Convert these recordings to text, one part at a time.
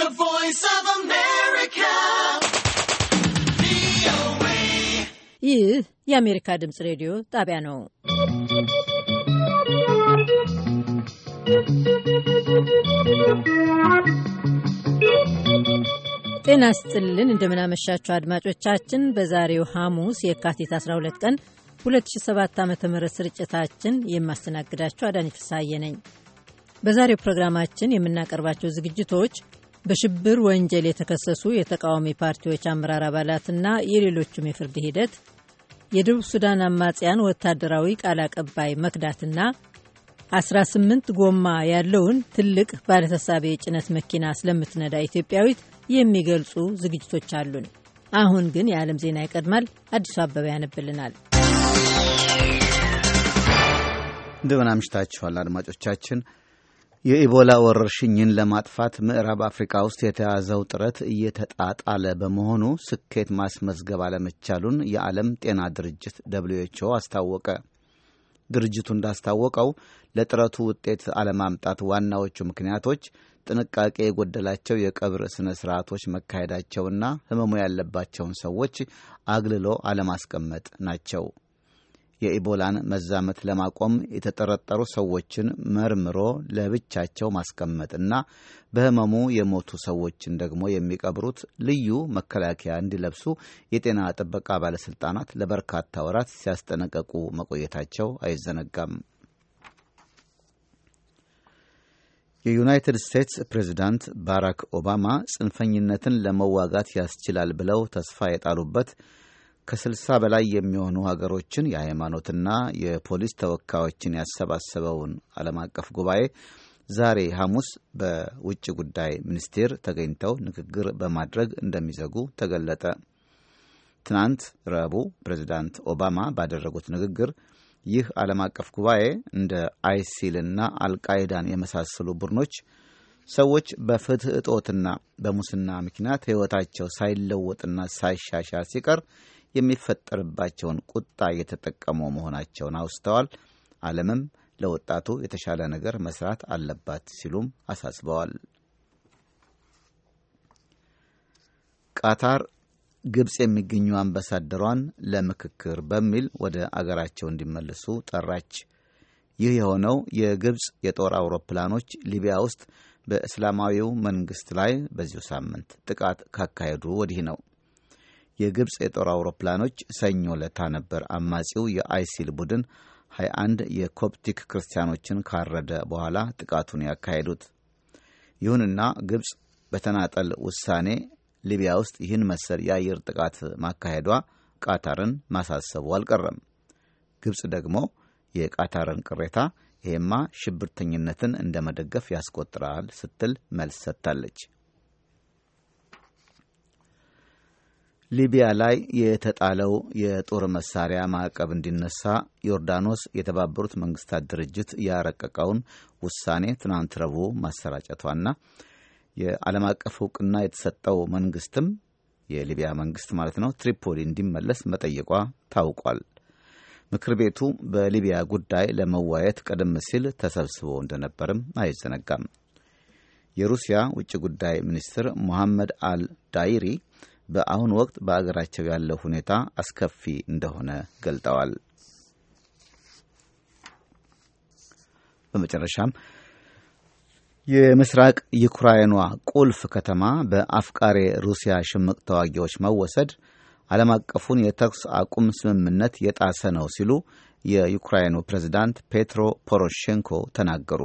The Voice of America. ይህ የአሜሪካ ድምፅ ሬዲዮ ጣቢያ ነው። ጤና ስጥልን፣ እንደምናመሻችሁ አድማጮቻችን። በዛሬው ሐሙስ የካቲት 12 ቀን 2007 ዓ ም ስርጭታችን የማስተናግዳችሁ አዳኒ ፍሳዬ ነኝ። በዛሬው ፕሮግራማችን የምናቀርባቸው ዝግጅቶች በሽብር ወንጀል የተከሰሱ የተቃዋሚ ፓርቲዎች አመራር አባላትና የሌሎችም የፍርድ ሂደት የደቡብ ሱዳን አማጽያን ወታደራዊ ቃል አቀባይ መክዳትና 18 ጎማ ያለውን ትልቅ ባለተሳቢ የጭነት መኪና ስለምትነዳ ኢትዮጵያዊት የሚገልጹ ዝግጅቶች አሉን። አሁን ግን የዓለም ዜና ይቀድማል። አዲሱ አበባ ያነብልናል። እንደምን አምሽታችኋል አድማጮቻችን። የኢቦላ ወረርሽኝን ለማጥፋት ምዕራብ አፍሪካ ውስጥ የተያዘው ጥረት እየተጣጣለ በመሆኑ ስኬት ማስመዝገብ አለመቻሉን የዓለም ጤና ድርጅት ደብልዩ ኤች ኦ አስታወቀ። ድርጅቱ እንዳስታወቀው ለጥረቱ ውጤት አለማምጣት ዋናዎቹ ምክንያቶች ጥንቃቄ የጎደላቸው የቀብር ስነ ስርዓቶች መካሄዳቸውና ሕመሙ ያለባቸውን ሰዎች አግልሎ አለማስቀመጥ ናቸው። የኢቦላን መዛመት ለማቆም የተጠረጠሩ ሰዎችን መርምሮ ለብቻቸው ማስቀመጥና በህመሙ የሞቱ ሰዎችን ደግሞ የሚቀብሩት ልዩ መከላከያ እንዲለብሱ የጤና ጥበቃ ባለሥልጣናት ለበርካታ ወራት ሲያስጠነቀቁ መቆየታቸው አይዘነጋም። የዩናይትድ ስቴትስ ፕሬዚዳንት ባራክ ኦባማ ጽንፈኝነትን ለመዋጋት ያስችላል ብለው ተስፋ የጣሉበት ከስልሳ በላይ የሚሆኑ ሀገሮችን የሃይማኖትና የፖሊስ ተወካዮችን ያሰባሰበውን ዓለም አቀፍ ጉባኤ ዛሬ ሐሙስ በውጭ ጉዳይ ሚኒስቴር ተገኝተው ንግግር በማድረግ እንደሚዘጉ ተገለጠ። ትናንት ረቡዕ ፕሬዚዳንት ኦባማ ባደረጉት ንግግር ይህ ዓለም አቀፍ ጉባኤ እንደ አይሲልና አልቃይዳን የመሳሰሉ ቡድኖች ሰዎች በፍትህ እጦትና በሙስና ምክንያት ሕይወታቸው ሳይለወጥና ሳይሻሻል ሲቀር የሚፈጠርባቸውን ቁጣ እየተጠቀሙ መሆናቸውን አውስተዋል። ዓለምም ለወጣቱ የተሻለ ነገር መስራት አለባት ሲሉም አሳስበዋል። ቃታር ግብፅ የሚገኙ አምባሳደሯን ለምክክር በሚል ወደ አገራቸው እንዲመለሱ ጠራች። ይህ የሆነው የግብፅ የጦር አውሮፕላኖች ሊቢያ ውስጥ በእስላማዊው መንግሥት ላይ በዚሁ ሳምንት ጥቃት ካካሄዱ ወዲህ ነው። የግብፅ የጦር አውሮፕላኖች ሰኞ ለታ ነበር አማጺው የአይሲል ቡድን 21 የኮፕቲክ ክርስቲያኖችን ካረደ በኋላ ጥቃቱን ያካሄዱት። ይሁንና ግብፅ በተናጠል ውሳኔ ሊቢያ ውስጥ ይህን መሰል የአየር ጥቃት ማካሄዷ ቃታርን ማሳሰቡ አልቀረም። ግብፅ ደግሞ የቃታርን ቅሬታ ይሄማ ሽብርተኝነትን እንደ መደገፍ ያስቆጥራል ስትል መልስ ሰጥታለች። ሊቢያ ላይ የተጣለው የጦር መሳሪያ ማዕቀብ እንዲነሳ ዮርዳኖስ የተባበሩት መንግስታት ድርጅት ያረቀቀውን ውሳኔ ትናንት ረቡዕ ማሰራጨቷና የዓለም አቀፍ እውቅና የተሰጠው መንግስትም የሊቢያ መንግስት ማለት ነው ትሪፖሊ እንዲመለስ መጠየቋ ታውቋል። ምክር ቤቱ በሊቢያ ጉዳይ ለመዋየት ቀደም ሲል ተሰብስቦ እንደነበርም አይዘነጋም። የሩሲያ ውጭ ጉዳይ ሚኒስትር ሞሐመድ አል ዳይሪ በአሁኑ ወቅት በአገራቸው ያለው ሁኔታ አስከፊ እንደሆነ ገልጠዋል። በመጨረሻም የምስራቅ ዩክራይኗ ቁልፍ ከተማ በአፍቃሬ ሩሲያ ሽምቅ ተዋጊዎች መወሰድ ዓለም አቀፉን የተኩስ አቁም ስምምነት የጣሰ ነው ሲሉ የዩክራይኑ ፕሬዝዳንት ፔትሮ ፖሮሼንኮ ተናገሩ።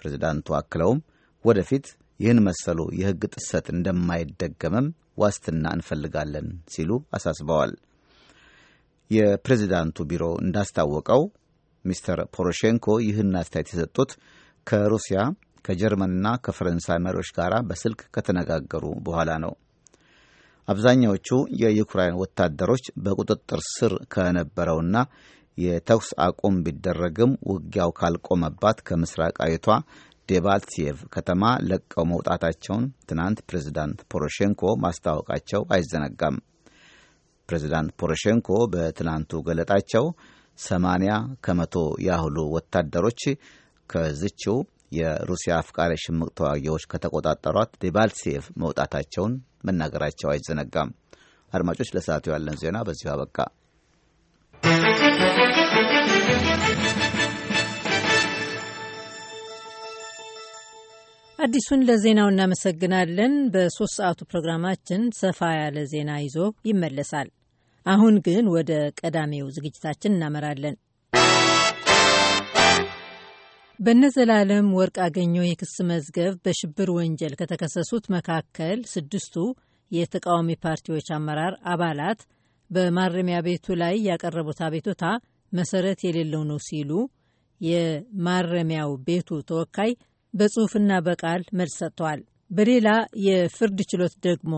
ፕሬዝዳንቱ አክለውም ወደፊት ይህን መሰሉ የሕግ ጥሰት እንደማይደገምም ዋስትና እንፈልጋለን ሲሉ አሳስበዋል። የፕሬዚዳንቱ ቢሮ እንዳስታወቀው ሚስተር ፖሮሼንኮ ይህን አስተያየት የሰጡት ከሩሲያ ከጀርመንና ከፈረንሳይ መሪዎች ጋር በስልክ ከተነጋገሩ በኋላ ነው። አብዛኛዎቹ የዩክራይን ወታደሮች በቁጥጥር ስር ከነበረውና የተኩስ አቁም ቢደረግም ውጊያው ካልቆመባት ከምስራቃዊቷ ዴባልትሴቭ ከተማ ለቀው መውጣታቸውን ትናንት ፕሬዝዳንት ፖሮሼንኮ ማስታወቃቸው አይዘነጋም። ፕሬዝዳንት ፖሮሼንኮ በትናንቱ ገለጣቸው ሰማንያ ከመቶ ያህሉ ወታደሮች ከዝችው የሩሲያ አፍቃሪ ሽምቅ ተዋጊዎች ከተቆጣጠሯት ዴባልሴቭ መውጣታቸውን መናገራቸው አይዘነጋም። አድማጮች፣ ለሰዓቱ ያለን ዜና በዚሁ አበቃ። አዲሱን ለዜናው እናመሰግናለን። በሶስት ሰዓቱ ፕሮግራማችን ሰፋ ያለ ዜና ይዞ ይመለሳል። አሁን ግን ወደ ቀዳሚው ዝግጅታችን እናመራለን። በነዘላለም ወርቅ አገኘው የክስ መዝገብ በሽብር ወንጀል ከተከሰሱት መካከል ስድስቱ የተቃዋሚ ፓርቲዎች አመራር አባላት በማረሚያ ቤቱ ላይ ያቀረቡት አቤቱታ መሰረት የሌለው ነው ሲሉ የማረሚያው ቤቱ ተወካይ በጽሑፍና በቃል መልስ ሰጥተዋል። በሌላ የፍርድ ችሎት ደግሞ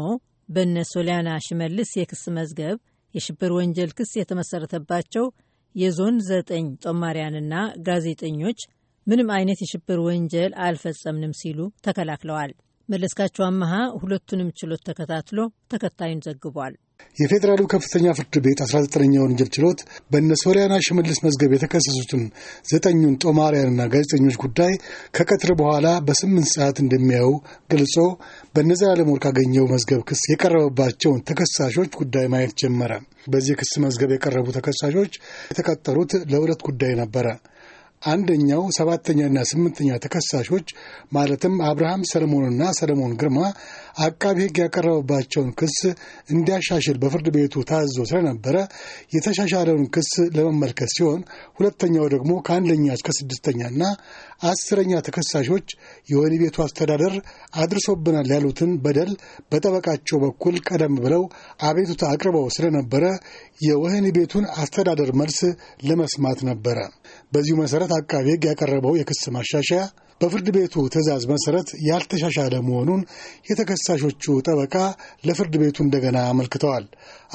በነ ሶሊያና ሽመልስ የክስ መዝገብ የሽብር ወንጀል ክስ የተመሰረተባቸው የዞን ዘጠኝ ጦማሪያንና ጋዜጠኞች ምንም አይነት የሽብር ወንጀል አልፈጸምንም ሲሉ ተከላክለዋል። መለስካቸው አመሃ ሁለቱንም ችሎት ተከታትሎ ተከታዩን ዘግቧል። የፌዴራሉ ከፍተኛ ፍርድ ቤት 19ኛ ወንጀል ችሎት በእነ ሶሊያና ሽመልስ መዝገብ የተከሰሱትን ዘጠኙን ጦማርያንና ጋዜጠኞች ጉዳይ ከቀትር በኋላ በስምንት ሰዓት እንደሚያዩ ገልጾ በእነ ዘላለም ወርቅአገኘሁ መዝገብ ክስ የቀረበባቸውን ተከሳሾች ጉዳይ ማየት ጀመረ። በዚህ ክስ መዝገብ የቀረቡ ተከሳሾች የተቀጠሩት ለሁለት ጉዳይ ነበረ። አንደኛው ሰባተኛና ስምንተኛ ተከሳሾች ማለትም አብርሃም ሰለሞንና ሰለሞን ግርማ አቃቢ ሕግ ያቀረበባቸውን ክስ እንዲያሻሽል በፍርድ ቤቱ ታዞ ስለነበረ የተሻሻለውን ክስ ለመመልከት ሲሆን ሁለተኛው ደግሞ ከአንደኛ እስከ ስድስተኛና አስረኛ ተከሳሾች የወህኒ ቤቱ አስተዳደር አድርሶብናል ያሉትን በደል በጠበቃቸው በኩል ቀደም ብለው አቤቱታ አቅርበው ስለነበረ የወህኒ ቤቱን አስተዳደር መልስ ለመስማት ነበረ። በዚሁ መሠረት አቃቢ ሕግ ያቀረበው የክስ ማሻሻያ በፍርድ ቤቱ ትዕዛዝ መሠረት ያልተሻሻለ መሆኑን የተከሳሾቹ ጠበቃ ለፍርድ ቤቱ እንደገና አመልክተዋል።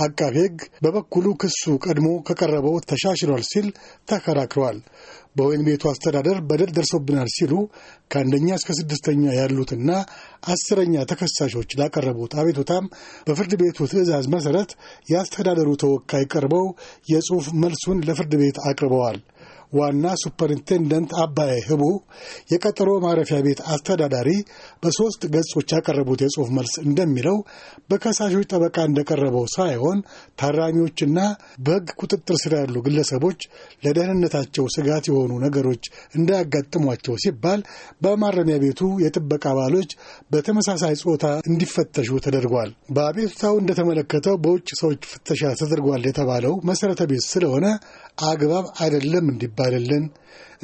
አቃቤ ሕግ በበኩሉ ክሱ ቀድሞ ከቀረበው ተሻሽሏል ሲል ተከራክሯል። በወይን ቤቱ አስተዳደር በደል ደርሶብናል ሲሉ ከአንደኛ እስከ ስድስተኛ ያሉትና አስረኛ ተከሳሾች ላቀረቡት አቤቱታም በፍርድ ቤቱ ትዕዛዝ መሠረት የአስተዳደሩ ተወካይ ቀርበው የጽሑፍ መልሱን ለፍርድ ቤት አቅርበዋል። ዋና ሱፐርኢንቴንደንት አባይ ህቡ የቀጠሮ ማረፊያ ቤት አስተዳዳሪ በሦስት ገጾች ያቀረቡት የጽሑፍ መልስ እንደሚለው በከሳሾች ጠበቃ እንደቀረበው ሳይሆን ታራሚዎችና በሕግ ቁጥጥር ስር ያሉ ግለሰቦች ለደህንነታቸው ስጋት የሆኑ ነገሮች እንዳያጋጥሟቸው ሲባል በማረሚያ ቤቱ የጥበቃ አባሎች በተመሳሳይ ጾታ እንዲፈተሹ ተደርጓል። በአቤቱታው እንደተመለከተው በውጭ ሰዎች ፍተሻ ተደርጓል የተባለው መሠረተ ቤት ስለሆነ አግባብ አይደለም እንዲባልልን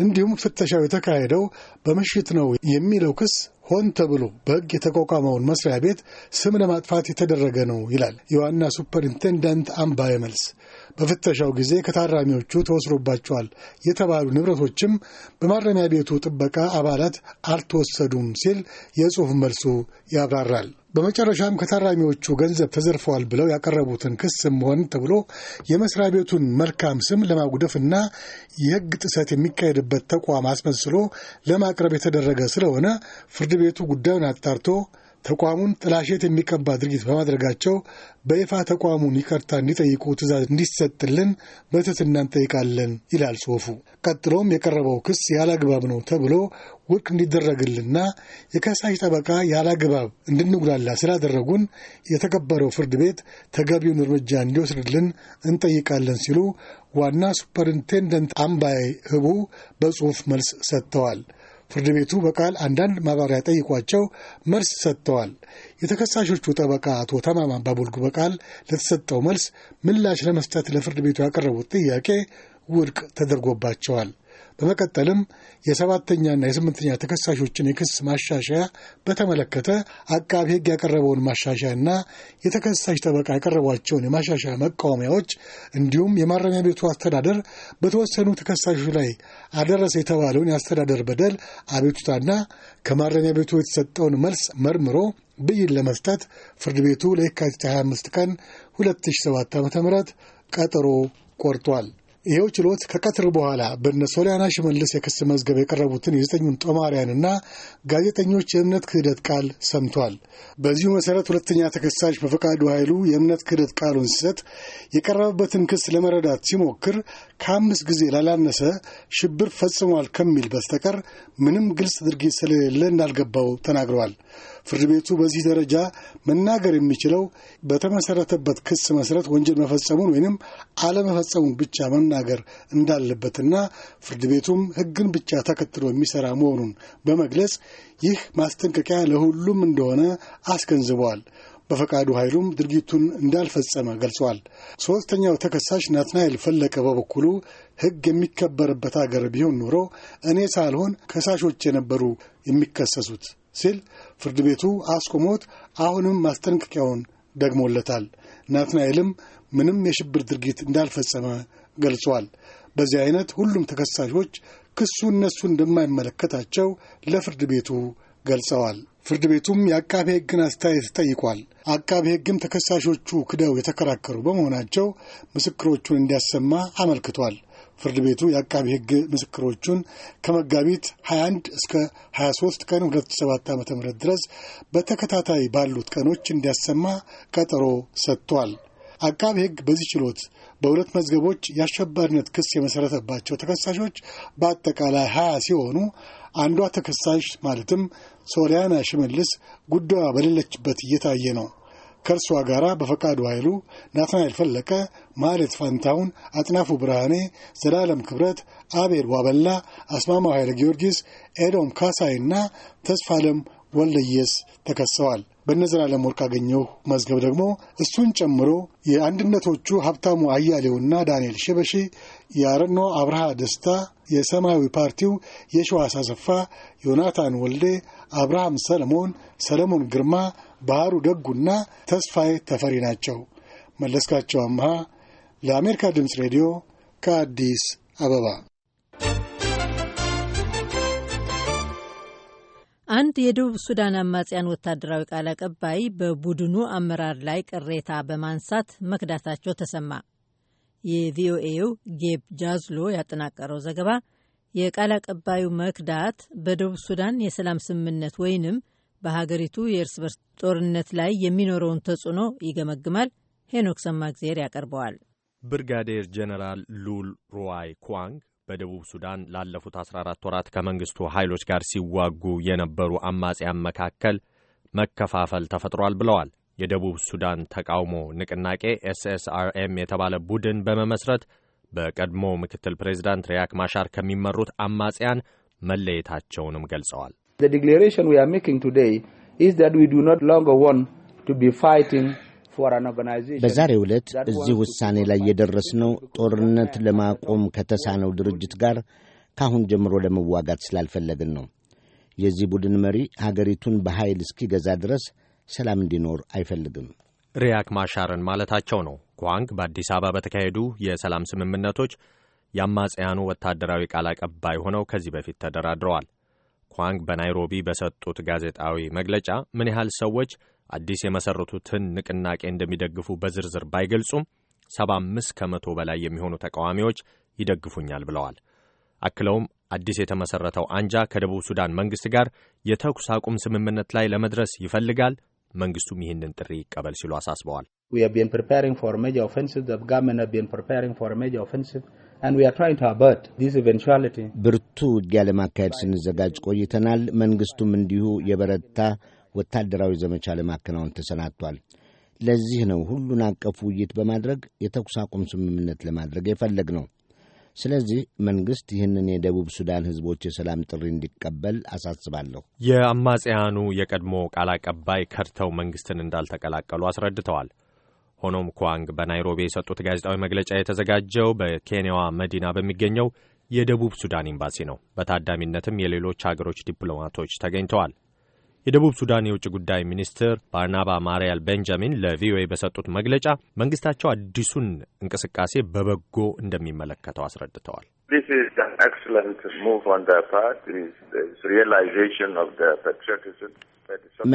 እንዲሁም ፍተሻው የተካሄደው በምሽት ነው የሚለው ክስ ሆን ተብሎ በሕግ የተቋቋመውን መስሪያ ቤት ስም ለማጥፋት የተደረገ ነው ይላል የዋና ሱፐርኢንቴንዳንት አምባ የመልስ። በፍተሻው ጊዜ ከታራሚዎቹ ተወስዶባቸዋል የተባሉ ንብረቶችም በማረሚያ ቤቱ ጥበቃ አባላት አልተወሰዱም ሲል የጽሑፍ መልሱ ያብራራል። በመጨረሻም ከታራሚዎቹ ገንዘብ ተዘርፈዋል ብለው ያቀረቡትን ክስም ሆን ተብሎ የመስሪያ ቤቱን መልካም ስም ለማጉደፍና የሕግ ጥሰት የሚካሄድበት ተቋም አስመስሎ ለማቅረብ የተደረገ ስለሆነ ፍርድ ቤቱ ጉዳዩን አጣርቶ ተቋሙን ጥላሸት የሚቀባ ድርጊት በማድረጋቸው በይፋ ተቋሙን ይቅርታ እንዲጠይቁ ትእዛዝ እንዲሰጥልን በትህትና እንጠይቃለን ይላል ጽሁፉ ቀጥሎም የቀረበው ክስ ያላግባብ ነው ተብሎ ውድቅ እንዲደረግልና የከሳሽ ጠበቃ ያላግባብ እንድንጉላላ ስላደረጉን የተከበረው ፍርድ ቤት ተገቢውን እርምጃ እንዲወስድልን እንጠይቃለን ሲሉ ዋና ሱፐርኢንቴንደንት አምባይ ህቡ በጽሁፍ መልስ ሰጥተዋል። ፍርድ ቤቱ በቃል አንዳንድ ማብራሪያ ጠይቋቸው መልስ ሰጥተዋል። የተከሳሾቹ ጠበቃ አቶ ተማማ አባቡልጉ በቃል ለተሰጠው መልስ ምላሽ ለመስጠት ለፍርድ ቤቱ ያቀረቡት ጥያቄ ውድቅ ተደርጎባቸዋል። በመቀጠልም የሰባተኛና የስምንተኛ ተከሳሾችን የክስ ማሻሻያ በተመለከተ አቃቢ ሕግ ያቀረበውን ማሻሻያና የተከሳሽ ጠበቃ ያቀረቧቸውን የማሻሻያ መቃወሚያዎች እንዲሁም የማረሚያ ቤቱ አስተዳደር በተወሰኑ ተከሳሾች ላይ አደረሰ የተባለውን የአስተዳደር በደል አቤቱታና ከማረሚያ ቤቱ የተሰጠውን መልስ መርምሮ ብይን ለመስጠት ፍርድ ቤቱ ለየካቲት 25 ቀን 2007 ዓ ም ቀጠሮ ቆርጧል። ይኸው ችሎት ከቀትር በኋላ በነ ሶሊያና ሽመልስ የክስ መዝገብ የቀረቡትን የዘጠኙን ጦማሪያንና ጋዜጠኞች የእምነት ክህደት ቃል ሰምቷል። በዚሁ መሠረት ሁለተኛ ተከሳሽ በፈቃዱ ኃይሉ የእምነት ክህደት ቃሉን ሲሰጥ የቀረበበትን ክስ ለመረዳት ሲሞክር ከአምስት ጊዜ ላላነሰ ሽብር ፈጽሟል ከሚል በስተቀር ምንም ግልጽ ድርጊት ስለሌለ እንዳልገባው ተናግረዋል። ፍርድ ቤቱ በዚህ ደረጃ መናገር የሚችለው በተመሰረተበት ክስ መሰረት ወንጀል መፈጸሙን ወይንም አለመፈጸሙን ብቻ መናገር እንዳለበትና ፍርድ ቤቱም ሕግን ብቻ ተከትሎ የሚሰራ መሆኑን በመግለጽ ይህ ማስጠንቀቂያ ለሁሉም እንደሆነ አስገንዝበዋል። በፈቃዱ ኃይሉም ድርጊቱን እንዳልፈጸመ ገልጸዋል። ሦስተኛው ተከሳሽ ናትናኤል ፈለቀ በበኩሉ ሕግ የሚከበርበት አገር ቢሆን ኖሮ እኔ ሳልሆን ከሳሾች የነበሩ የሚከሰሱት ሲል ፍርድ ቤቱ አስቆሞት አሁንም ማስጠንቀቂያውን ደግሞለታል። ናትናኤልም ምንም የሽብር ድርጊት እንዳልፈጸመ ገልጿል። በዚህ አይነት ሁሉም ተከሳሾች ክሱ እነሱ እንደማይመለከታቸው ለፍርድ ቤቱ ገልጸዋል። ፍርድ ቤቱም የአቃቤ ሕግን አስተያየት ጠይቋል። አቃቤ ሕግም ተከሳሾቹ ክደው የተከራከሩ በመሆናቸው ምስክሮቹን እንዲያሰማ አመልክቷል። ፍርድ ቤቱ የአቃቢ ሕግ ምስክሮቹን ከመጋቢት 21 እስከ 23 ቀን 2007 ዓ ም ድረስ በተከታታይ ባሉት ቀኖች እንዲያሰማ ቀጠሮ ሰጥቷል። አቃቢ ሕግ በዚህ ችሎት በሁለት መዝገቦች የአሸባሪነት ክስ የመሠረተባቸው ተከሳሾች በአጠቃላይ ሀያ ሲሆኑ አንዷ ተከሳሽ ማለትም ሶሊያና ሽመልስ ጉዳዩ በሌለችበት እየታየ ነው። ከእርሷ ጋር በፈቃዱ ኃይሉ፣ ናትናኤል ፈለቀ፣ ማለት ፋንታውን፣ አጥናፉ ብርሃኔ፣ ዘላለም ክብረት፣ አቤል ዋበላ፣ አስማማው ኃይለ ጊዮርጊስ፣ ኤዶም ካሳይና ተስፋለም ወልደየስ ተከሰዋል። በነዘላለም ወርቅ አገኘሁ መዝገብ ደግሞ እሱን ጨምሮ የአንድነቶቹ ሀብታሙ አያሌውና ዳንኤል ሽበሺ፣ የአረኖ አብርሃ ደስታ፣ የሰማያዊ ፓርቲው የሸዋስ አሰፋ፣ ዮናታን ወልዴ፣ አብርሃም ሰለሞን፣ ሰለሞን ግርማ፣ ባህሩ ደጉና ተስፋዬ ተፈሪ ናቸው። መለስካቸው አምሃ ለአሜሪካ ድምፅ ሬዲዮ ከአዲስ አበባ አንድ የደቡብ ሱዳን አማጽያን ወታደራዊ ቃል አቀባይ በቡድኑ አመራር ላይ ቅሬታ በማንሳት መክዳታቸው ተሰማ። የቪኦኤው ጌብ ጃዝሎ ያጠናቀረው ዘገባ የቃል አቀባዩ መክዳት በደቡብ ሱዳን የሰላም ስምምነት ወይንም በሀገሪቱ የእርስ በርስ ጦርነት ላይ የሚኖረውን ተጽዕኖ ይገመግማል። ሄኖክ ሰማግዜር ያቀርበዋል። ብርጋዴር ጀነራል ሉል ሩዋይ ኳንግ በደቡብ ሱዳን ላለፉት 14 ወራት ከመንግስቱ ኃይሎች ጋር ሲዋጉ የነበሩ አማጽያን መካከል መከፋፈል ተፈጥሯል ብለዋል። የደቡብ ሱዳን ተቃውሞ ንቅናቄ ኤስኤስአርኤም የተባለ ቡድን በመመስረት በቀድሞ ምክትል ፕሬዚዳንት ሪያክ ማሻር ከሚመሩት አማጽያን መለየታቸውንም ገልጸዋል። The declaration we are making today is that we do በዛሬ ዕለት እዚህ ውሳኔ ላይ የደረስነው ጦርነት ለማቆም ከተሳነው ድርጅት ጋር ካሁን ጀምሮ ለመዋጋት ስላልፈለግን ነው። የዚህ ቡድን መሪ ሀገሪቱን በኃይል እስኪገዛ ድረስ ሰላም እንዲኖር አይፈልግም። ሪያክ ማሻርን ማለታቸው ነው። ኳንግ በአዲስ አበባ በተካሄዱ የሰላም ስምምነቶች የአማጽያኑ ወታደራዊ ቃል አቀባይ ሆነው ከዚህ በፊት ተደራድረዋል። ኳንግ በናይሮቢ በሰጡት ጋዜጣዊ መግለጫ ምን ያህል ሰዎች አዲስ የመሠረቱትን ንቅናቄ እንደሚደግፉ በዝርዝር ባይገልጹም 75 ከመቶ በላይ የሚሆኑ ተቃዋሚዎች ይደግፉኛል ብለዋል። አክለውም አዲስ የተመሠረተው አንጃ ከደቡብ ሱዳን መንግሥት ጋር የተኩስ አቁም ስምምነት ላይ ለመድረስ ይፈልጋል፣ መንግሥቱም ይህንን ጥሪ ይቀበል ሲሉ አሳስበዋል። ብርቱ ውጊያ ለማካሄድ ስንዘጋጅ ቆይተናል። መንግሥቱም እንዲሁ የበረታ ወታደራዊ ዘመቻ ለማከናወን ተሰናድቷል። ለዚህ ነው ሁሉን አቀፍ ውይይት በማድረግ የተኩስ አቁም ስምምነት ለማድረግ የፈለግ ነው። ስለዚህ መንግስት ይህንን የደቡብ ሱዳን ህዝቦች የሰላም ጥሪ እንዲቀበል አሳስባለሁ። የአማጽያኑ የቀድሞ ቃል አቀባይ ከድተው መንግስትን እንዳልተቀላቀሉ አስረድተዋል። ሆኖም ኳንግ በናይሮቢ የሰጡት ጋዜጣዊ መግለጫ የተዘጋጀው በኬንያዋ መዲና በሚገኘው የደቡብ ሱዳን ኤምባሲ ነው። በታዳሚነትም የሌሎች አገሮች ዲፕሎማቶች ተገኝተዋል። የደቡብ ሱዳን የውጭ ጉዳይ ሚኒስትር ባርናባ ማርያል ቤንጃሚን ለቪኦኤ በሰጡት መግለጫ መንግስታቸው አዲሱን እንቅስቃሴ በበጎ እንደሚመለከተው አስረድተዋል።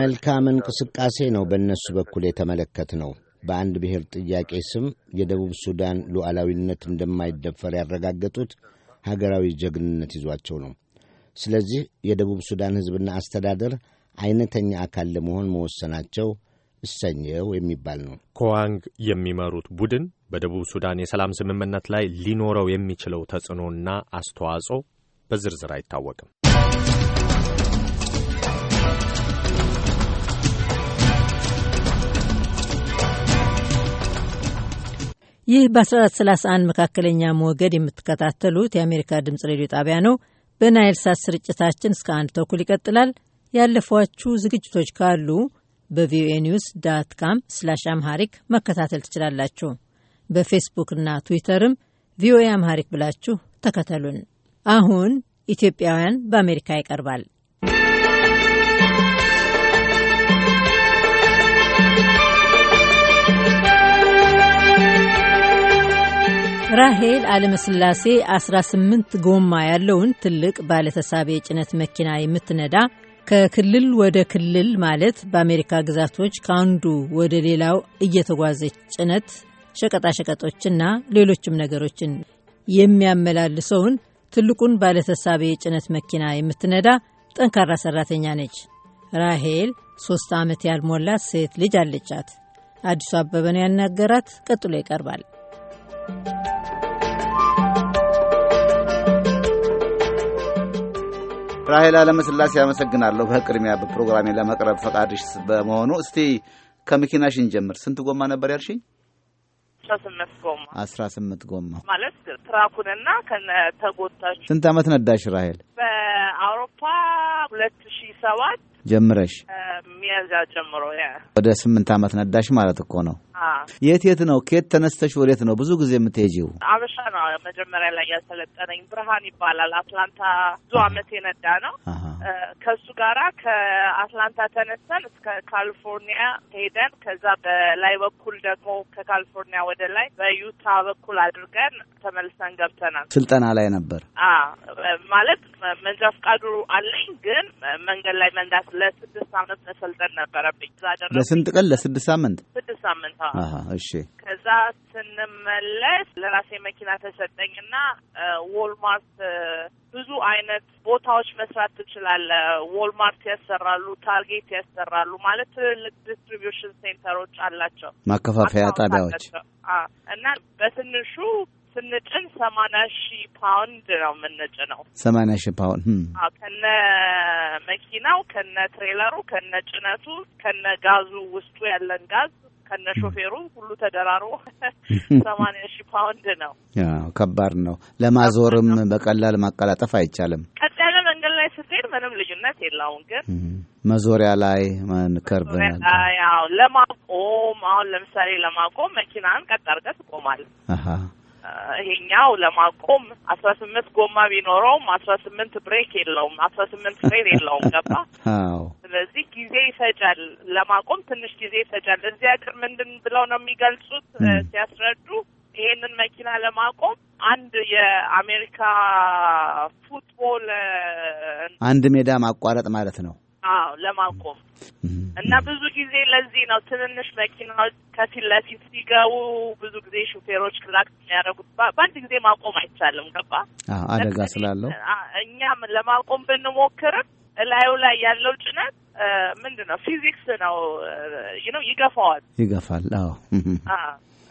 መልካም እንቅስቃሴ ነው በእነሱ በኩል የተመለከት ነው። በአንድ ብሔር ጥያቄ ስም የደቡብ ሱዳን ሉዓላዊነት እንደማይደፈር ያረጋገጡት ሀገራዊ ጀግንነት ይዟቸው ነው። ስለዚህ የደቡብ ሱዳን ሕዝብና አስተዳደር አይነተኛ አካል ለመሆን መወሰናቸው እሰኘው የሚባል ነው። ኮዋንግ የሚመሩት ቡድን በደቡብ ሱዳን የሰላም ስምምነት ላይ ሊኖረው የሚችለው ተጽዕኖና አስተዋጽኦ በዝርዝር አይታወቅም። ይህ በ1431 መካከለኛ ሞገድ የምትከታተሉት የአሜሪካ ድምፅ ሬዲዮ ጣቢያ ነው። በናይል ሳት ስርጭታችን እስከ አንድ ተኩል ይቀጥላል። ያለፏችሁ ዝግጅቶች ካሉ በቪኦኤ ኒውስ ዳት ካም ስላሽ አምሃሪክ መከታተል ትችላላችሁ። በፌስቡክ እና ትዊተርም ቪኦኤ አምሃሪክ ብላችሁ ተከተሉን። አሁን ኢትዮጵያውያን በአሜሪካ ይቀርባል። ራሄል አለመስላሴ 18 ጎማ ያለውን ትልቅ ባለተሳቢ የጭነት መኪና የምትነዳ ከክልል ወደ ክልል ማለት በአሜሪካ ግዛቶች ከአንዱ ወደ ሌላው እየተጓዘች ጭነት ሸቀጣሸቀጦችና ሌሎችም ነገሮችን የሚያመላልሰውን ትልቁን ባለተሳቢ የጭነት መኪና የምትነዳ ጠንካራ ሰራተኛ ነች። ራሄል ሶስት ዓመት ያልሞላት ሴት ልጅ አለቻት። አዲሱ አበበ ነው ያናገራት። ቀጥሎ ይቀርባል። ራሄል አለመስላሴ ያመሰግናለሁ። በቅድሚያ በፕሮግራሜ ለመቅረብ ፈቃድሽ በመሆኑ እስቲ ከመኪናሽን ጀምር። ስንት ጎማ ነበር ያልሽኝ? አስራ ስምንት ጎማ አስራ ስምንት ጎማ ማለት ትራኩንና ከነ ስንት አመት ነዳሽ ራሄል? በአውሮፓ ሁለት ሺ ሰባት ጀምረሽ ሚያዝያ ጀምሮ ወደ ስምንት አመት ነዳሽ ማለት እኮ ነው። የት የት ነው? ከየት ተነስተሽ ወዴት ነው ብዙ ጊዜ የምትሄጂው? አበሻ ነው መጀመሪያ ላይ ያሰለጠነኝ ብርሃን ይባላል። አትላንታ ብዙ አመት የነዳ ነው። ከእሱ ጋራ ከአትላንታ ተነስተን እስከ ካሊፎርኒያ ሄደን ከዛ በላይ በኩል ደግሞ ከካሊፎርኒያ ወደ ላይ በዩታ በኩል አድርገን ተመልሰን ገብተናል። ስልጠና ላይ ነበር ማለት መንጃ ፈቃዱ አለኝ፣ ግን መንገድ ላይ መንዳት ለስድስት አመት መሰልጠን ነበረብኝ። ለስንት ቀን? ለስድስት ሳምንት ስድስት ሳምንት እሺ። ከዛ ስንመለስ ለራሴ መኪና ተሰጠኝና ዎልማርት ብዙ አይነት ቦታዎች መስራት ትችላለህ። ዎልማርት ያሰራሉ፣ ታርጌት ያሰራሉ። ማለት ትልልቅ ዲስትሪቢሽን ሴንተሮች አላቸው፣ ማከፋፈያ ጣቢያዎች እና በትንሹ ስንጭን ሰማንያ ሺህ ፓውንድ ነው የምንጭነው። ሰማንያ ሺህ ፓውንድ hm። ከነ መኪናው ከነ ትሬለሩ ከነ ጭነቱ ከነ ጋዙ ውስጡ ያለን ጋዝ ከነ ሾፌሩ ሁሉ ተደራርቦ ሰማንያ ሺህ ፓውንድ ነው። ከባድ ነው። ለማዞርም በቀላል ማቀላጠፍ አይቻልም። ቀጥ ያለ መንገድ ላይ ስትሄድ ምንም ልዩነት የለውም። ግን መዞሪያ ላይ መንከርብ ለማቆም አሁን ለምሳሌ ለማቆም መኪናን ቀጥ አድርገህ ትቆማለህ። ይሄኛው ለማቆም አስራ ስምንት ጎማ ቢኖረውም አስራ ስምንት ብሬክ የለውም፣ አስራ ስምንት ፍሬን የለውም። ገባ? ስለዚህ ጊዜ ይፈጃል፣ ለማቆም ትንሽ ጊዜ ይፈጃል። እዚህ ሀገር ምንድን ብለው ነው የሚገልጹት ሲያስረዱ ይሄንን መኪና ለማቆም አንድ የአሜሪካ ፉትቦል አንድ ሜዳ ማቋረጥ ማለት ነው አዎ ለማቆም እና ብዙ ጊዜ ለዚህ ነው ትንንሽ መኪናዎች ከፊት ለፊት ሲገቡ ብዙ ጊዜ ሹፌሮች ክላክ የሚያደርጉት። በአንድ ጊዜ ማቆም አይቻልም። ገባ አደጋ ስላለው እኛም ለማቆም ብንሞክርም እላዩ ላይ ያለው ጭነት ምንድን ነው ፊዚክስ ነው ነው ይገፋዋል፣ ይገፋል። አዎ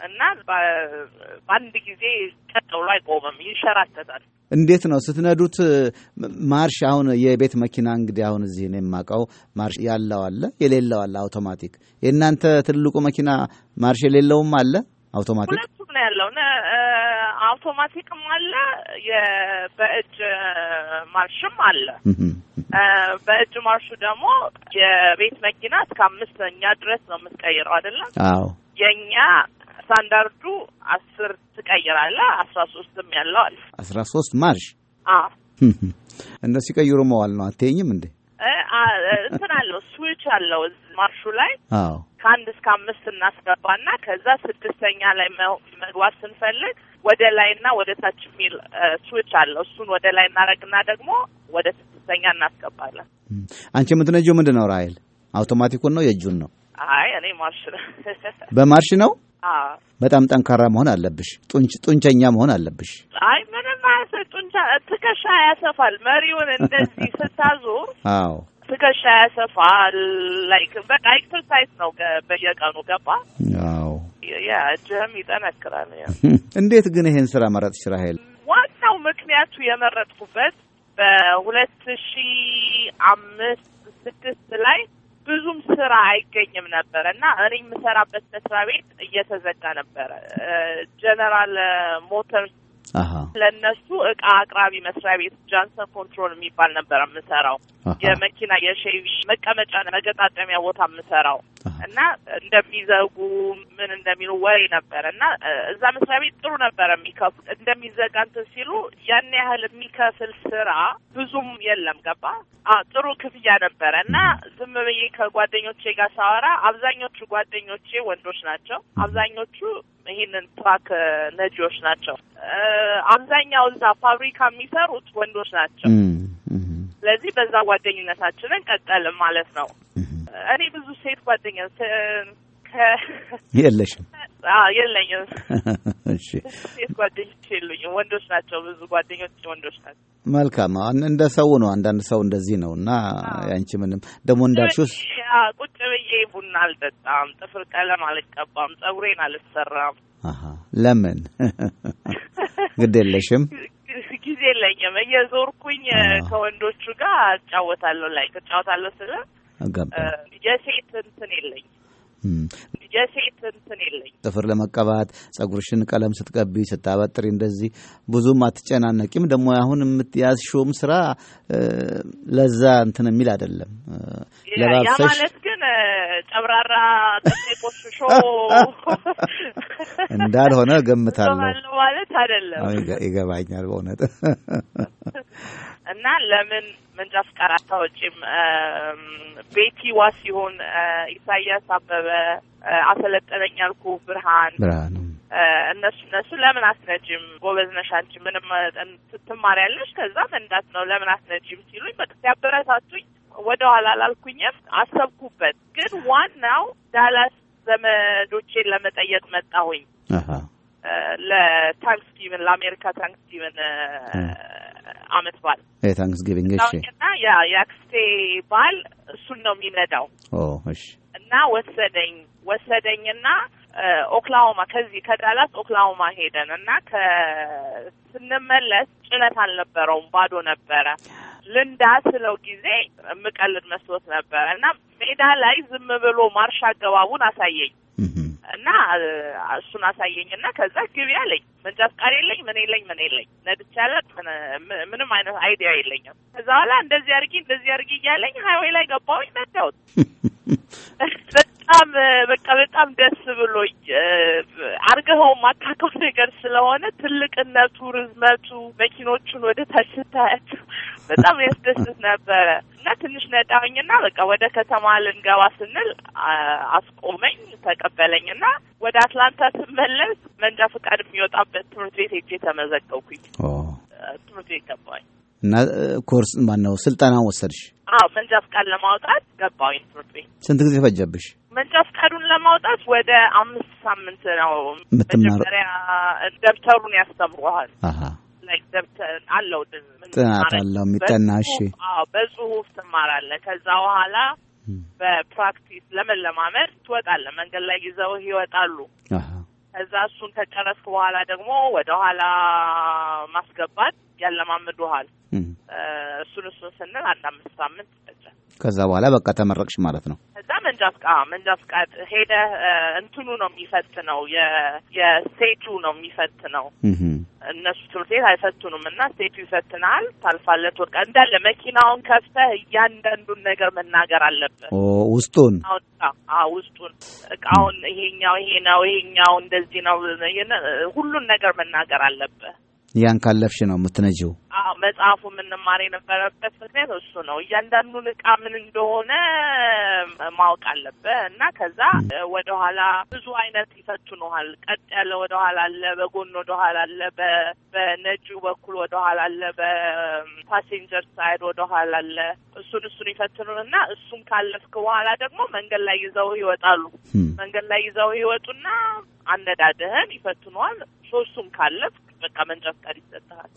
እና በአንድ ጊዜ ተጠውሎ ብሎ አይቆምም፣ ይንሸራተታል። እንዴት ነው ስትነዱት? ማርሽ አሁን የቤት መኪና እንግዲህ አሁን እዚህ ነው የማውቀው ማርሽ ያለው አለ፣ የሌለው አለ አውቶማቲክ። የእናንተ ትልቁ መኪና ማርሽ የሌለውም አለ አውቶማቲክ፣ ሁለቱም ነው ያለው። አውቶማቲክም አለ፣ በእጅ ማርሽም አለ። በእጅ ማርሹ ደግሞ የቤት መኪና እስከ አምስተኛ ድረስ ነው የምትቀይረው አይደለም? አዎ የእኛ ስታንዳርዱ አስር ትቀይራለህ አስራ ሶስትም ያለዋል አስራ ሶስት ማርሽ እንደው ሲቀይሩ መዋል ነው። አትይኝም እንዴ? እንትን አለው ስዊች አለው ማርሹ ላይ ከአንድ እስከ አምስት እናስገባና ከዛ ስድስተኛ ላይ መግባት ስንፈልግ ወደ ላይና ወደ ታች የሚል ስዊች አለው። እሱን ወደ ላይ እናደርግና ደግሞ ወደ ስድስተኛ እናስገባለን። አንቺ የምትነጂው ምንድን ነው ራይል? አውቶማቲኩን ነው የእጁን ነው? አይ እኔ ማርሽ ነው። በማርሽ ነው በጣም ጠንካራ መሆን አለብሽ። ጡንቸኛ መሆን አለብሽ። አይ ምንም አያሰ ጡንቻ ትከሻ ያሰፋል። መሪውን እንደዚህ ስታዞር አዎ ትከሻ ያሰፋል። ላይክ በቃ ኤክሰርሳይዝ ነው በየቀኑ ገባ። አዎ ያ እጅህም ይጠነክራል። እንዴት ግን ይሄን ስራ መረጥ መረጥሽ ሀይል ዋናው ምክንያቱ የመረጥኩበት በሁለት ሺ አምስት ስድስት ላይ ብዙም ስራ አይገኝም ነበረ እና እኔ የምሰራበት መስሪያ ቤት እየተዘጋ ነበረ። ጀነራል ሞተርስ ለእነሱ እቃ አቅራቢ መስሪያ ቤት ጃንሰን ኮንትሮል የሚባል ነበር የምሰራው። የመኪና የሼቪ መቀመጫ መገጣጠሚያ ቦታ የምሰራው እና እንደሚዘጉ ምን እንደሚሉ ወሬ ነበር እና እዛ መስሪያ ቤት ጥሩ ነበረ የሚከፍ እንደሚዘጋ እንትን ሲሉ ያን ያህል የሚከፍል ስራ ብዙም የለም። ገባ ጥሩ ክፍያ ነበረ እና ዝም ብዬ ከጓደኞቼ ጋር ሳወራ አብዛኞቹ ጓደኞቼ ወንዶች ናቸው። አብዛኞቹ ይህንን ትራክ ነጂዎች ናቸው። አብዛኛው እዛ ፋብሪካ የሚሰሩት ወንዶች ናቸው። ስለዚህ በዛ ጓደኝነታችንን ቀጠልም ማለት ነው። እኔ ብዙ ሴት ጓደኛ የለሽም የለኝም። ah, እሺ፣ ጓደኞች የሉኝም። ወንዶች ናቸው፣ ብዙ ጓደኞች ወንዶች ናቸው። መልካም። እንደ ሰው ነው። አንዳንድ ሰው እንደዚህ ነው እና ያንቺ ምንም ደግሞ እንዳልሽውስ ቁጭ ብዬ ቡና አልጠጣም፣ ጥፍር ቀለም አልቀባም፣ ጸጉሬን አልሰራም። ለምን ግድ የለሽም? ጊዜ የለኝም። እየዞርኩኝ ከወንዶቹ ጋር እጫወታለሁ ላይ እጫወታለሁ ስለ የሴት እንትን የለኝም። የሴት እንትን የለኝ። ጥፍር ለመቀባት ጸጉርሽን ቀለም ስትቀቢ ስታበጥሪ እንደዚህ ብዙም አትጨናነቂም። ደግሞ አሁን የምትያዝሽውም ስራ ለዛ እንትን የሚል አይደለም። ለባብሰሽ ማለት ግን ጨብራራ ቆሽሾ እንዳልሆነ ገምታለሁ ማለት አይደለም። ይገባኛል በእውነት እና ለምን መንጃ ፍቃድ አታወጪም? ቤቲ ዋስ ሲሆን ኢሳያስ አበበ፣ አሰለጠነኝ ያልኩ ብርሃን እነሱ እነሱ ለምን አትነጂም? ጎበዝ ነሽ አንቺ ምንም ትማሪያለሽ፣ ከዛ መንዳት ነው ለምን አትነጂም ሲሉኝ በቃ ሲያበረታቱኝ ወደ ኋላ አላልኩኝም። አሰብኩበት። ግን ዋናው ዳላስ ዘመዶቼን ለመጠየቅ መጣሁኝ። ለታንክስ ለአሜሪካ ታንክስ ጊቭን አመት በዓል ታንክስ ጊቪንግ እና የአክስቴ ባል እሱን ነው የሚነዳው እሺ እና ወሰደኝ ወሰደኝና ኦክላሆማ ከዚህ ከዳላስ ኦክላሆማ ሄደን እና ስንመለስ ጭነት አልነበረውም፣ ባዶ ነበረ። ልንዳ ስለው ጊዜ የምቀልድ መስሎት ነበረ እና ሜዳ ላይ ዝም ብሎ ማርሽ አገባቡን አሳየኝ። እና እሱን አሳየኝ እና ከዛ ግቢ አለኝ። መንጃ ፍቃድ የለኝ ምን የለኝ ምን የለኝ ነድቼ ምንም አይነት አይዲያ የለኝም። ከዛ በኋላ እንደዚህ አርጊ እንደዚህ አርጊ እያለኝ ሀይዌይ ላይ ገባሁኝ ነዳሁት። በጣም በቃ በጣም ደስ ብሎኝ አርገኸው ማታውቀው ነገር ስለሆነ ትልቅነቱ፣ ርዝመቱ፣ መኪኖቹን ወደ ታች ስታያቸው በጣም ያስደስት ነበረ እና ትንሽ ነዳሁኝና በቃ ወደ ከተማ ልንገባ ስንል አስቆመኝ፣ ተቀበለኝና ወደ አትላንታ ስመለስ መንጃ ፈቃድ የሚወጣበት ትምህርት ቤት ሄጄ ተመዘገብኩኝ። ትምህርት ቤት ገባኝ እና ኮርስ ማነው ስልጠና ወሰድሽ? አዎ መንጃ ፈቃድ ለማውጣት ገባሁኝ ትምህርት ቤት። ስንት ጊዜ ፈጀብሽ? መንጃ ፈቃዱን ለማውጣት ወደ አምስት ሳምንት ነው። መጀመሪያ ደብተሩን ያስተምሯል አለው ጥናት አለው የሚጠና እሺ፣ በጽሁፍ ትማራለ ከዛ በኋላ በፕራክቲስ ለመለማመድ ትወጣለ መንገድ ላይ ይዘው ይወጣሉ። ከዛ እሱን ከጨረስክ በኋላ ደግሞ ወደ ኋላ ማስገባት ያለማምዱሃል። እሱን እሱን ስንል አንድ አምስት ሳምንት ይፈጃል። ከዛ በኋላ በቃ ተመረቅሽ ማለት ነው። እዛ መንጃ ፍቃድ መንጃ ፍቃድ ሄደ እንትኑ ነው የሚፈት ነው የስቴቱ ነው የሚፈት ነው። እነሱ ትምህርት ቤት አይፈትኑም እና ስቴቱ ይፈትናል። ታልፋለት ወድቃ እንዳለ መኪናውን ከፍተህ እያንዳንዱን ነገር መናገር አለብን። ውስጡን ውስጡን እቃውን ይሄኛው ይሄ ነው ይሄኛው እንደዚህ ነው ሁሉን ነገር መናገር አለብህ። ያን ካለፍሽ ነው የምትነጂው። አዎ መጽሐፉ የምንማር የነበረበት ምክንያት እሱ ነው። እያንዳንዱን እቃ ምን እንደሆነ ማወቅ አለብህ እና ከዛ ወደኋላ ብዙ አይነት ይፈትኑሃል። ቀጥ ያለ ወደኋላ አለ፣ በጎን ወደኋላ አለ፣ በነጂው በኩል ወደኋላ አለ፣ በፓሴንጀር ሳይድ ወደኋላ አለ። እሱን እሱን ይፈትኑን እና እሱን ካለፍክ በኋላ ደግሞ መንገድ ላይ ይዘው ይወጣሉ። መንገድ ላይ ይዘው ይወጡና አነዳደህን ይፈትኗል። ሶስቱም ካለፍክ በቃ መንጃ ፍቃድ ይሰጥሃል።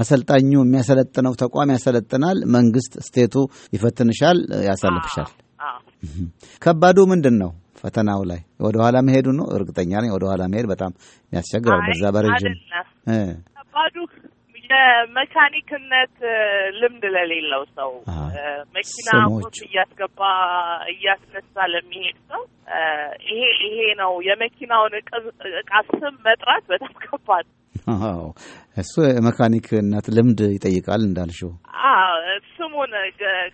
አሰልጣኙ የሚያሰለጥነው ተቋም ያሰለጥናል። መንግስት ስቴቱ ይፈትንሻል፣ ያሳልፍሻል። ከባዱ ምንድን ነው? ፈተናው ላይ ወደ ኋላ መሄዱ ነው። እርግጠኛ ነኝ ወደ ኋላ መሄድ በጣም ያስቸግራል። በዛ በረዥም ከባዱ የመካኒክነት ልምድ ለሌለው ሰው መኪና ሞት እያስገባ እያስነሳ ለሚሄድ ሰው ይሄ ይሄ ነው የመኪናውን እቃ ስም መጥራት በጣም ከባድ እሱ መካኒክነት ልምድ ይጠይቃል እንዳልሽው። ስሙን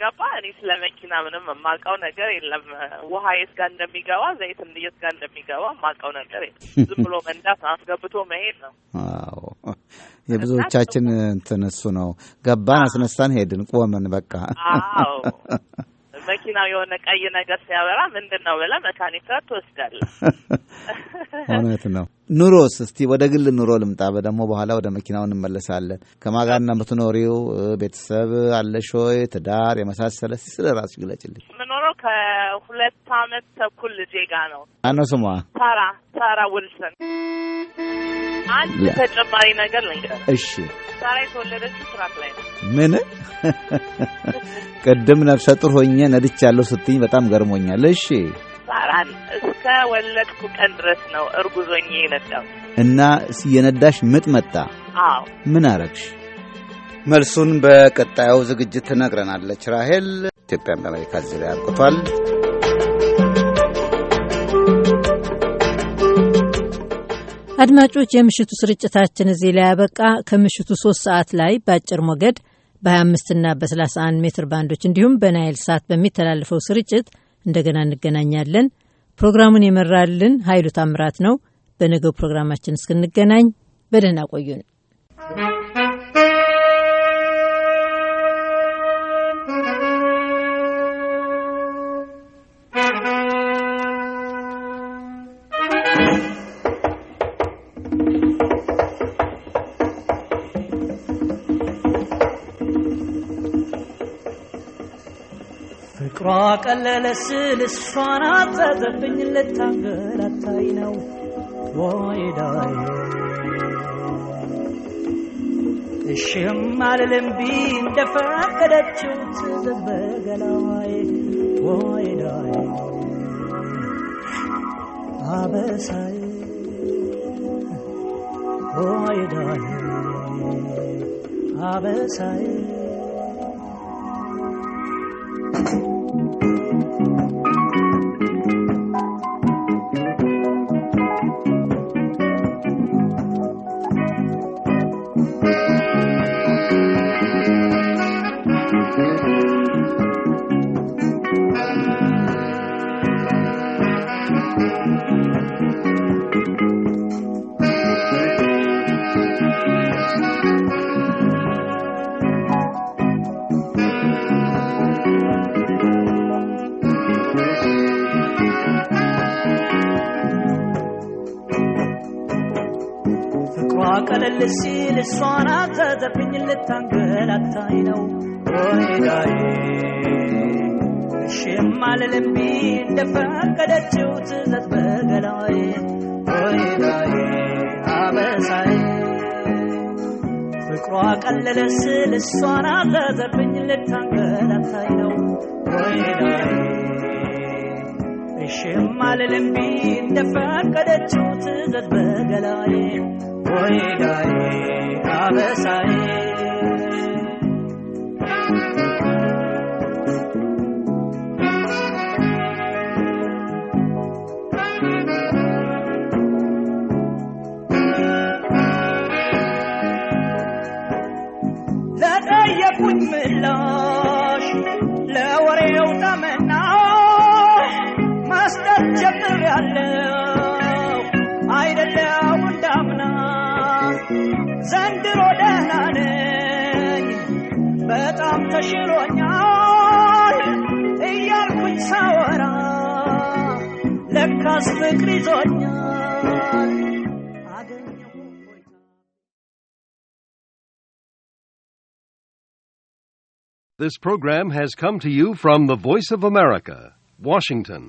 ገባ። እኔ ስለ መኪና ምንም የማውቀው ነገር የለም። ውሃ የት ጋር እንደሚገባ፣ ዘይት የት ጋር እንደሚገባ የማውቀው ነገር የለም። ዝም ብሎ መንዳት አስገብቶ መሄድ ነው። አዎ የብዙዎቻችን እንትን እሱ ነው። ገባን፣ አስነሳን፣ ሄድን፣ ቆምን፣ በቃ መኪናው የሆነ ቀይ ነገር ሲያበራ ምንድን ነው ብለህ መካኒክ ትወስዳለህ። እውነት ነው። ኑሮስ እስቲ ወደ ግል ኑሮ ልምጣ። ደግሞ በኋላ ወደ መኪናው እንመለሳለን። ከማጋና የምትኖሪው ቤተሰብ አለሽ ወይ? ትዳር የመሳሰለ ስለ ራሱ ግለጭልኝ። የምኖረው ከሁለት አመት ተኩል ልጄ ጋ ነው። አነው ስሟ ሳራ ሳራ ውልሰን። አንድ ተጨማሪ ነገር ልንገር። እሺ ሳራ የተወለደችው ስራት ላይ ነው። ምን ቅድም ነፍሰ ጡር ሆኜ ነድቻለሁ ስትኝ በጣም ገርሞኛል። እሺ ይባላል። እስከ ወለድኩ ቀን ድረስ ነው እርጉዞኝ የነዳው እና የነዳሽ ምጥ መጣ? አዎ። ምን አረግሽ? መልሱን በቀጣዩ ዝግጅት ትነግረናለች ራሄል። ኢትዮጵያን በአሜሪካ እዚህ ላይ አብቅቷል። አድማጮች የምሽቱ ስርጭታችን እዚህ ላይ ያበቃ። ከምሽቱ ሶስት ሰዓት ላይ በአጭር ሞገድ በ25ና በ31 ሜትር ባንዶች እንዲሁም በናይል ሳት በሚተላለፈው ስርጭት እንደገና እንገናኛለን። ፕሮግራሙን የመራልን ኃይሉ ታምራት ነው። በነገው ፕሮግራማችን እስክንገናኝ በደህና ቆዩን። አቀለለ ስል እሷን አጠጠብኝ ልታንገላታይ ነው ወይዳይ አልልም ቢ እንደፈቀደችው ትዘበገላዋይ አበሳይ አበሳይ ቀለል ሲል እሷን አዘዘብኝ ልታንገላታኝ ነው ወይዳዬ እሺም እንደፈቀደችው በገላዬ ወይዳዬ አበሳዬ ፍቅሯ ቀለለ ስል እሷን አዘዘብኝ ልታንገላታኝ ነው ወይዳዬ ሽማልልም እንደፈቀደችው ትዘት በገላዬ ወይ ጋሬ አበሳዬ አለው አይደለው እንዳምና ዘንድሮ ደህና ነኝ በጣም ተሽሎኛል እያልኩኝ ሳወራ ለካስ ፍቅር ይዞኛል። This program has come to you from the Voice of America, Washington.